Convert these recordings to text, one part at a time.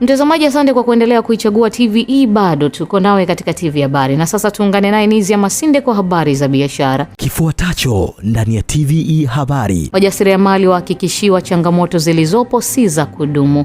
Mtazamaji, asante kwa kuendelea kuichagua TVE. Bado tuko nawe katika TV Habari, na sasa tuungane naye Nizia Masinde kwa habari za biashara. Kifuatacho ndani ya TVE Habari: wajasiriamali wahakikishiwa changamoto zilizopo si za kudumu.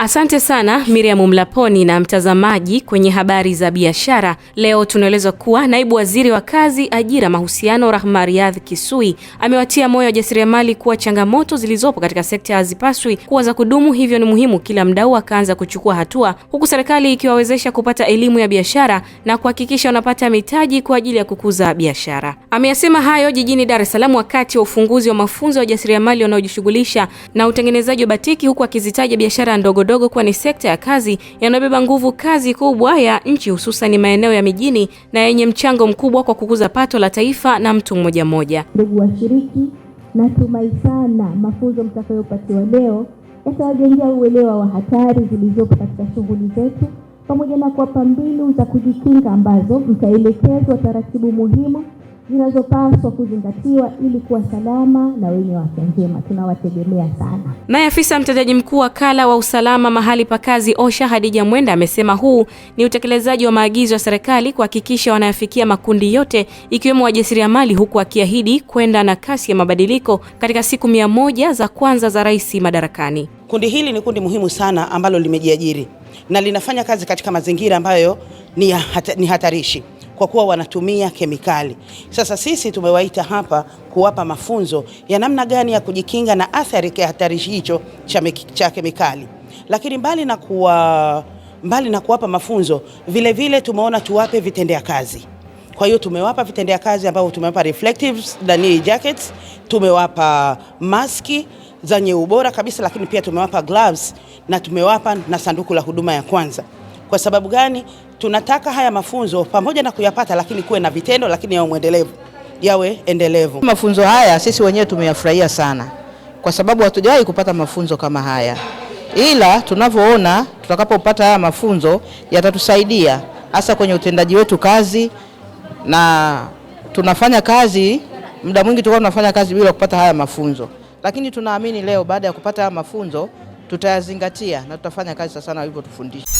Asante sana Miriam Mlaponi na mtazamaji, kwenye habari za biashara leo tunaelezwa kuwa naibu waziri wa kazi, ajira, mahusiano Rahma Riyadh Kisui amewatia moyo wajasiriamali kuwa changamoto zilizopo katika sekta hazipaswi kuwa za kudumu, hivyo ni muhimu kila mdau akaanza kuchukua hatua, huku serikali ikiwawezesha kupata elimu ya biashara na kuhakikisha wanapata mitaji kwa ajili ya kukuza biashara. Ameyasema hayo jijini Dar es Salaam wakati wa ufunguzi wa mafunzo ya wajasiriamali wanaojishughulisha na utengenezaji wa batiki, huku akizitaja biashara ndogo udogo kuwa ni sekta ya kazi yanayobeba nguvu kazi kubwa ya nchi, hususan maeneo ya mijini na yenye mchango mkubwa kwa kukuza pato la taifa na mtu mmoja mmoja. Ndugu washiriki, natumai sana mafunzo mtakayopatiwa leo yatawajengea uelewa wa hatari zilizopo katika shughuli zetu pamoja na kuwapa mbinu za kujikinga ambazo mtaelekezwa taratibu muhimu zinazopaswa kuzingatiwa ili kuwa salama na wenye afya njema. Tunawategemea sana. Naye afisa mtendaji mkuu Wakala wa Usalama mahali pa Kazi OSHA Hadija Mwenda amesema huu ni utekelezaji wa maagizo ya serikali kuhakikisha wanayafikia makundi yote ikiwemo wajasiriamali, huku akiahidi kwenda na kasi ya mabadiliko katika siku mia moja za kwanza za rais madarakani. Kundi hili ni kundi muhimu sana ambalo limejiajiri na linafanya kazi katika mazingira ambayo ni hatarishi kwa kuwa wanatumia kemikali. Sasa sisi tumewaita hapa kuwapa mafunzo ya namna gani ya kujikinga na athari ya hatari hicho cha, cha kemikali, lakini mbali na kuwa mbali na kuwapa mafunzo vile vile tumeona tuwape vitendea kazi. Kwa hiyo tumewapa vitendea kazi ambavyo tumewapa reflectives ndani jackets, tumewapa maski zenye ubora kabisa, lakini pia tumewapa gloves na tumewapa na sanduku la huduma ya kwanza. Kwa sababu gani? Tunataka haya mafunzo pamoja na kuyapata, lakini kuwe na vitendo, lakini yawe mwendelevu, yawe endelevu. Mafunzo haya sisi wenyewe tumeyafurahia sana, kwa sababu hatujawahi kupata mafunzo kama haya, ila tunavyoona tutakapopata haya mafunzo yatatusaidia hasa kwenye utendaji wetu kazi, na tunafanya kazi muda mwingi tulikuwa tunafanya kazi bila kupata haya mafunzo, lakini tunaamini leo baada ya kupata haya mafunzo tutayazingatia na tutafanya kazi sasa sana walivyotufundisha.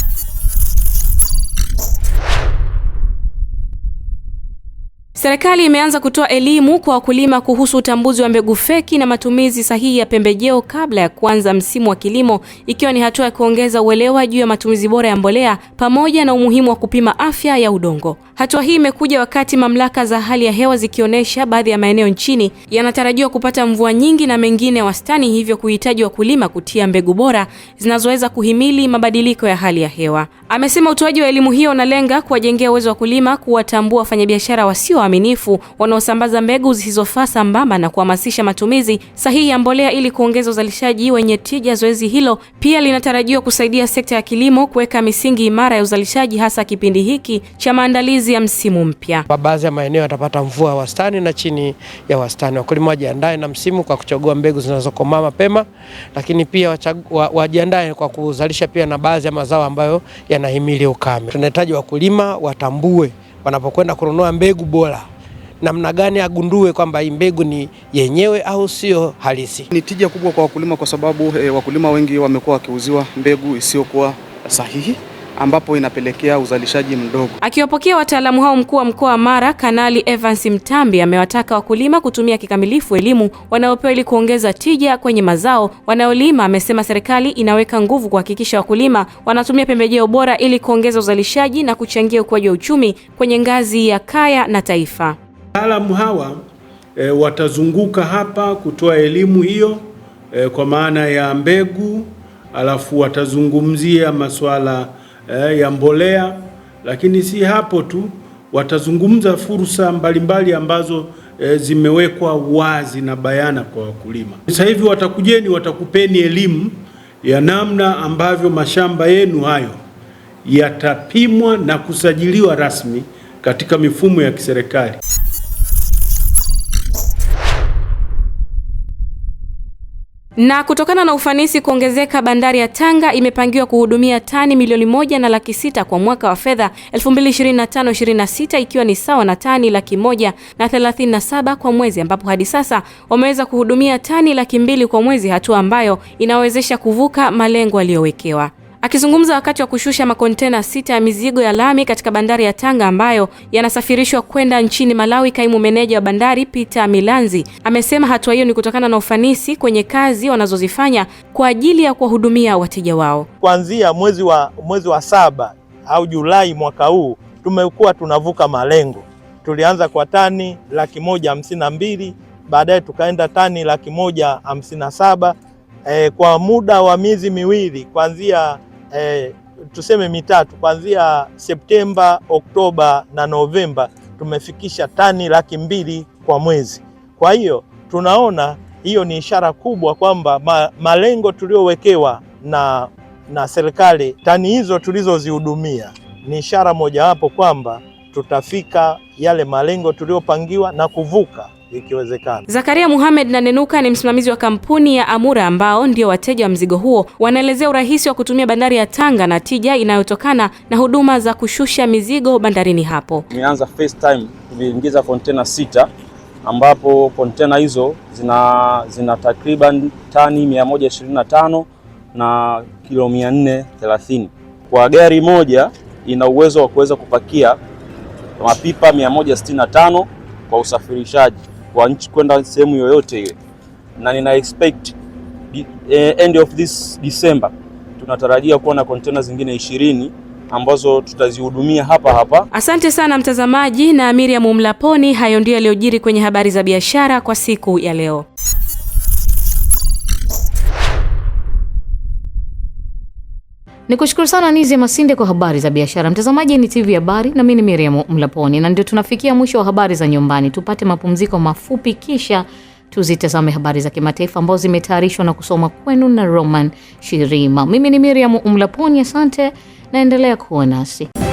Serikali imeanza kutoa elimu kwa wakulima kuhusu utambuzi wa mbegu feki na matumizi sahihi ya pembejeo kabla ya kuanza msimu wa kilimo, ikiwa ni hatua ya kuongeza uelewa juu ya matumizi bora ya mbolea pamoja na umuhimu wa kupima afya ya udongo. Hatua hii imekuja wakati mamlaka za hali ya hewa zikionyesha baadhi ya maeneo nchini yanatarajiwa kupata mvua nyingi na mengine wastani, hivyo kuhitaji wakulima kutia mbegu bora zinazoweza kuhimili mabadiliko ya hali ya hewa. Amesema utoaji wa elimu hiyo unalenga kuwajengea uwezo wa wakulima kuwatambua wafanyabiashara wasio waaminifu wanaosambaza mbegu zisizofaa sambamba na kuhamasisha matumizi sahihi ya mbolea ili kuongeza uzalishaji wenye tija. Zoezi hilo pia linatarajiwa kusaidia sekta ya kilimo kuweka misingi imara ya uzalishaji hasa kipindi hiki cha maandalizi ya msimu mpya. Kwa baadhi ya maeneo yatapata mvua wastani na chini ya wastani. Wakulima wajiandae na msimu kwa kuchagua mbegu zinazokomaa mapema, lakini pia wajiandae kwa kuzalisha pia na baadhi ya mazao ambayo yanahimili ukame. Tunahitaji wakulima watambue wanapokwenda kununua mbegu bora, namna gani agundue kwamba hii mbegu ni yenyewe au sio halisi. Ni tija kubwa kwa wakulima kwa sababu eh, wakulima wengi wamekuwa wakiuziwa mbegu isiyokuwa sahihi ambapo inapelekea uzalishaji mdogo. Akiwapokea wataalamu hao, mkuu wa mkoa wa Mara Kanali Evans Mtambi amewataka wakulima kutumia kikamilifu elimu wanayopewa ili kuongeza tija kwenye mazao wanaolima Amesema serikali inaweka nguvu kuhakikisha wakulima wanatumia pembejeo bora ili kuongeza uzalishaji na kuchangia ukuaji wa uchumi kwenye ngazi ya kaya na taifa. Wataalamu hawa e, watazunguka hapa kutoa elimu hiyo e, kwa maana ya mbegu, alafu watazungumzia masuala eh, ya mbolea, lakini si hapo tu, watazungumza fursa mbalimbali ambazo eh, zimewekwa wazi na bayana kwa wakulima. Sasa hivi watakujeni, watakupeni elimu ya namna ambavyo mashamba yenu hayo yatapimwa na kusajiliwa rasmi katika mifumo ya kiserikali. Na kutokana na ufanisi kuongezeka, bandari ya Tanga imepangiwa kuhudumia tani milioni moja na laki sita kwa mwaka wa fedha 2025/26 ikiwa ni sawa na tani laki moja na thelathini na saba kwa mwezi, ambapo hadi sasa wameweza kuhudumia tani laki mbili kwa mwezi, hatua ambayo inawezesha kuvuka malengo yaliyowekewa. Akizungumza wakati wa kushusha makontena sita ya mizigo ya lami katika bandari ya Tanga ambayo yanasafirishwa kwenda nchini Malawi, kaimu meneja wa bandari Peter Milanzi amesema hatua hiyo ni kutokana na ufanisi kwenye kazi wanazozifanya kwa ajili ya kuwahudumia wateja wao. Kuanzia mwezi wa, mwezi wa saba au Julai mwaka huu tumekuwa tunavuka malengo. Tulianza kwa tani laki moja hamsini na mbili baadaye tukaenda tani laki moja hamsini na saba e, kwa muda wa miezi miwili kuanzia eh, tuseme mitatu kuanzia Septemba, Oktoba na Novemba tumefikisha tani laki mbili kwa mwezi. Kwa hiyo tunaona hiyo ni ishara kubwa kwamba ma, malengo tuliyowekewa na, na serikali tani hizo tulizozihudumia ni ishara mojawapo kwamba tutafika yale malengo tuliyopangiwa na kuvuka ikiwezekana. Zakaria Muhamed na nenuka ni msimamizi wa kampuni ya Amura ambao ndio wateja wa mzigo huo, wanaelezea urahisi wa kutumia bandari ya Tanga na tija inayotokana na huduma za kushusha mizigo bandarini hapo. imeanza first time tuliingiza kontena sita ambapo kontena hizo zina, zina takriban tani 125 na kilo 430 kwa gari moja ina uwezo wa kuweza kupakia mapipa 165 kwa usafirishaji wa nchi kwenda sehemu yoyote ile, na nina expect eh, end of this December tunatarajia kuwa na kontena zingine ishirini ambazo tutazihudumia hapa hapa. Asante sana mtazamaji na Miriam Mlaponi. Hayo ndio yaliyojiri kwenye habari za biashara kwa siku ya leo. Ni kushukuru sana Nizi ya Masinde kwa habari za biashara. Mtazamaji ni TV Habari na mimi ni Miriam Mlaponi, na ndio tunafikia mwisho wa habari za nyumbani. Tupate mapumziko mafupi, kisha tuzitazame habari za kimataifa ambazo zimetayarishwa na kusoma kwenu na Roman Shirima. Mimi ni Miriam Mlaponi, asante naendelea kuwa nasi.